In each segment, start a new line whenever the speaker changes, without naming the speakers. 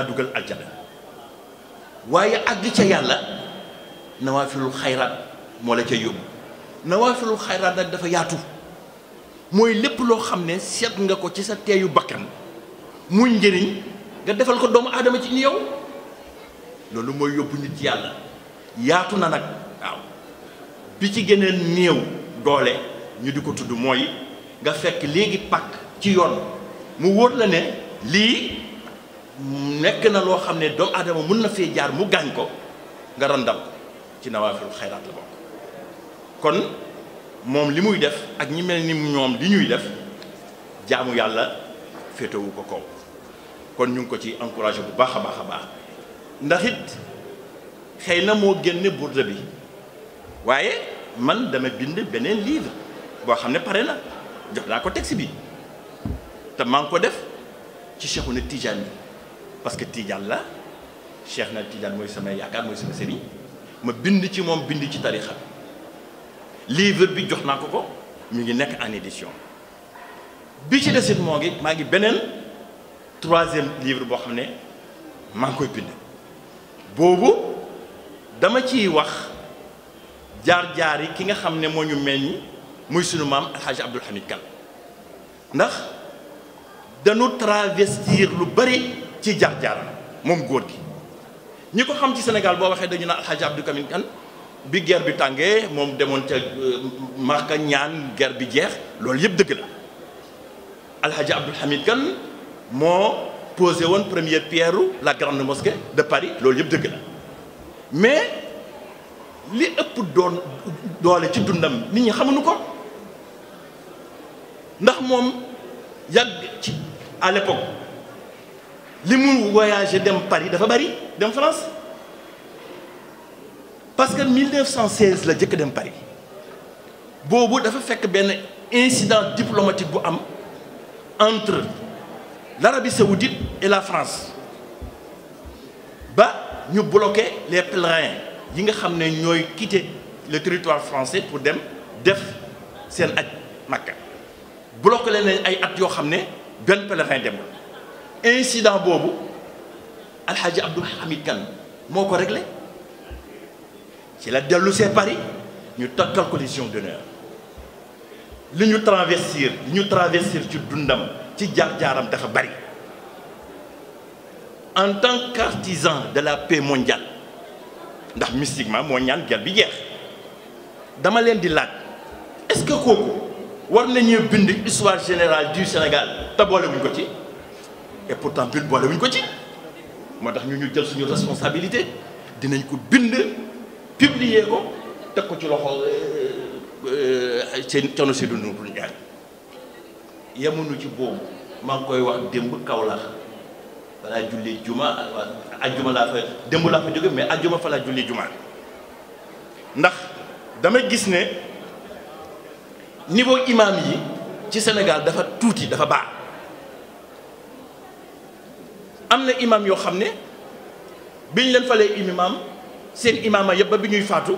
laa dugal aljana waaye àgg ca yàlla nawaafilul xayraat moo la ca yóbbu nawaafilul xayraat nag dafa yaatu mooy lépp loo xam ne seet nga ko ci sa teeyu bakkan muy njëriñ nga defal ko doomu aadama ci ñu yow loolu mooy yóbbu nit yàlla yaatu na nag waaw bi ci gën a néew doole ñu di ko tudd mooy nga fekk léegi pàkk ci yoon mu wóor la ne lii nekk na loo xam ne doomu adama mun na fee jaar mu gaañ ko nga randal ko ci nawaafilul xayraat la bokk kon moom li muy def ak ñi mel ni ñoom li ñuy def jaamu yàlla féetewu ko kaw kon ñu ngi ko ci encouragé bu baax a baax a baax ndax it xëy na moo génne burda bi waaye man dama bind beneen livre boo xam ne pare na jox naa ko teg si bi te maa ngi ko def ci Cheikhouna Tidiane bi parce que Tidiane la Cheikh na Tidiane mooy sama yaakaar mooy sama sëriñ ma bind ci moom bind ci tarixa bi livre bi jox naa ko ko mu ngi nekk en édition bi ci desit moo ngi maa ngi beneen troisième livre boo xam ne maa ngi koy bind boobu dama ciy wax jaar-jaar yi ki nga xam ne moo ñu meññ muy sunu maam alxaaji Abdul Hamid Kan ndax dañu travestir lu bari ci jaar-jaaram moom góor gi ñi ko xam ci Sénégal boo waxee dañu naan Alxaaji Abdou Karim Kane bi guerre bi tàngee moom demoon ca euh, Màkka ñaan ger bi jeex loolu yëpp dëgg la Alxaaji Abdou Hamid Kane moo posé woon première pierre la grande mosquée de Paris loolu yëpp dëgg la mais li ëpp doon doole ci dundam nit ñi xamuñu ko ndax moom yàgg ci à l'époque li mu voyagé dem Paris dafa bari dem France parce que 1916 la jëkk dem Paris boobu dafa fekk benn incident diplomatique bu am entre l'Arabie saoudite et la France ba ñu bloqué les pèlerins yi nga xam ne ñooy quitter le territoire français pour dem def seen aj Makka bloqué leen ay at yoo xam ne benn pèlerin demul incident boobu alxaaji Abdou Hamid Kane moo ko réglé ci la dellu see Paris ñu takkal ko Légion d'honneur li ñu traversir li ñu traversir ci dundam ci jaar-jaaram dafa bari en tant qu'artisan de la paix mondial ndax mystiquement moo ñaan guerre bi jeex dama leen di laaj est-ce que kooku war nañu bind histoire générale du Sénégal te boole wuñ ko ci et pourtant bill boole wuñ ko ci moo tax ñu ñu jël suñu responsabilité dinañ ko bind publier ko teg ko ci loxo euh, euh, seen Thierno Seydou Nourou Ndiaye yemuñu ci boobu maa ngi koy wax démb Kaolack balaa julli juma ajjuma laa fa démb laa fa jóge mais ak fa falaa julli juma ndax dama gis ne niveau imam yi ci Sénégal dafa tuuti dafa baax am na imam yoo xam ne biñ leen falee imam seen imaama yëpp ba bi ñuy faatu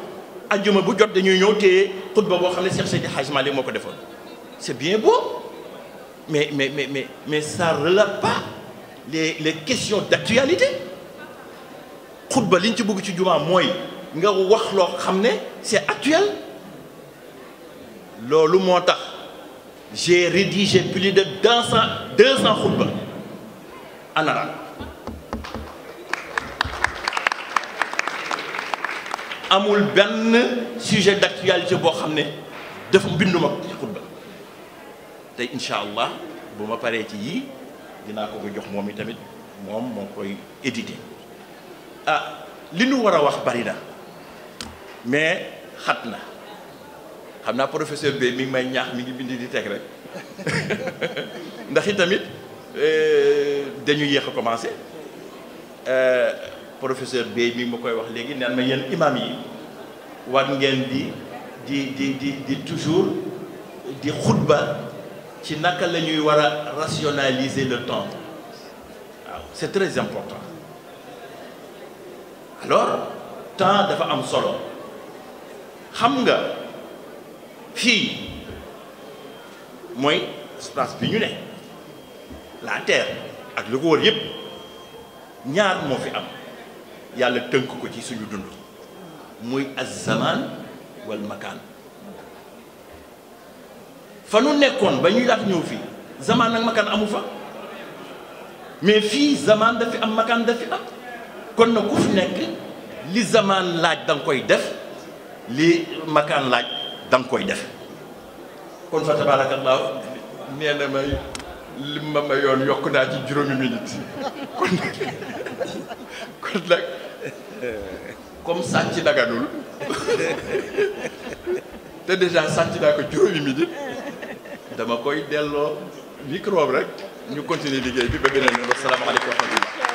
ajjuma bu jot dañuy ñëw téye xutba boo xam ne Cheikh Seydi moo ko defoon c'est bien beau mais mais mais mais mais ça relève pas les les questions d'actualité xutba liñ ci bëgg ci jumaa mooy nga wax loo xam ne c'est actuel loolu moo tax j'ai rédigé plus de deux cent deux cents xutba en amul benn sujet d'actualité boo xam ne dafa binduma ci xutba tey incha allah bu ma paree ci yii dinaa ko ko jox moom i tamit moom moo koy édité ah li nu war a wax bari mais xat na xam naa professeur bi mi ngi may ñaax mi ngi bind di teg rek ndax i tamit euh, dañu yéex a commencé euh, professeur bi mi ngi ma koy wax léegi neen ma yéen imam yi war ngeen di di di di di toujours di xutba ci naka la ñuy war a rationaliser le temps waaw c'est très important alors temps dafa am solo xam nga fii mooy espace bi ñu ne la terre ak lu ko wër yépp ñaar moo fi am yàlla tënk ko ci suñu dund muy az-zamaan wal makaan fa nu nekkoon ba ñuy daat ñëw fii zamaan ak makaan amu fa mais fii zamaan dafi am makaan dafi am kon na ku fi nekk li zamaan laaj danga koy def li makaan laaj da nga koy def
kon fa tabaarakallaahu
nee na may lim ma mayoon yokk naa ci juróomi minute kon kon nag comme sàcc daganul te déjà sàcc naa ko juróomi minute dama koy delloo micro rek ñu continuer liggéey bi ba beneen yoon asalaamaaleykum wa rahmatullah